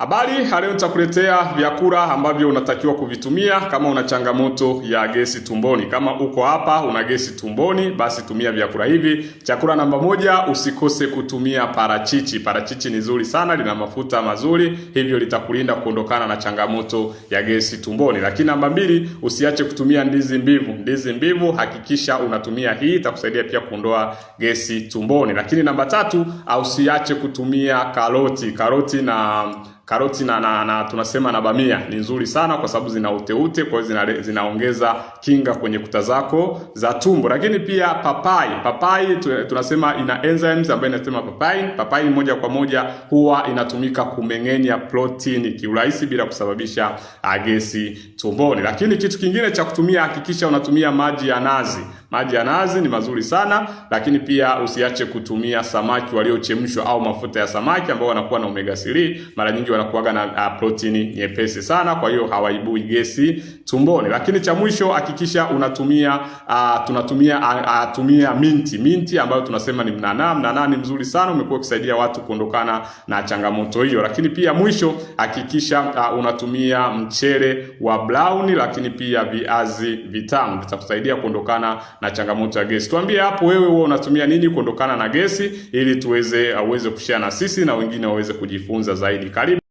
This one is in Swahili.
Habari leo nitakuletea vyakula ambavyo unatakiwa kuvitumia kama una changamoto ya gesi tumboni. Kama uko hapa una gesi tumboni, basi tumia vyakula hivi. Chakula namba moja, usikose kutumia parachichi. Parachichi ni nzuri sana, lina mafuta mazuri, hivyo litakulinda kuondokana na changamoto ya gesi tumboni. Lakini namba mbili, usiache kutumia ndizi mbivu. Ndizi mbivu hakikisha unatumia hii, itakusaidia pia kuondoa gesi tumboni. Lakini namba tatu, usiache kutumia karoti. Karoti na karoti na, na, na tunasema na bamia ni nzuri sana kwa sababu zina uteute, kwa hiyo zina, zinaongeza kinga kwenye kuta zako za tumbo. Lakini pia papai, papai tunasema ina enzymes ambayo inasema papai, papai moja kwa moja huwa inatumika kumeng'enya protini kiurahisi bila kusababisha gesi tumboni. Lakini kitu kingine cha kutumia, hakikisha unatumia maji ya nazi. Maji ya nazi ni mazuri sana, lakini pia usiache kutumia samaki waliochemshwa au mafuta ya samaki ambao wanakuwa na omega 3 mara nyingi wanakuwaga na uh, protini nyepesi sana, kwa hiyo hawaibui gesi tumboni. Lakini cha mwisho hakikisha unatumia uh, tunatumia uh, uh, tumia minti minti ambayo tunasema ni mnanaa. Mnanaa ni mzuri sana, umekuwa ukisaidia watu kuondokana na changamoto hiyo. Lakini pia mwisho hakikisha uh, unatumia mchele wa brown, lakini pia viazi vitamu vitakusaidia kuondokana na changamoto ya gesi. Tuambie hapo wewe wewe unatumia nini kuondokana na gesi, ili tuweze uh, uweze kushare na sisi na wengine waweze kujifunza zaidi. Karibu.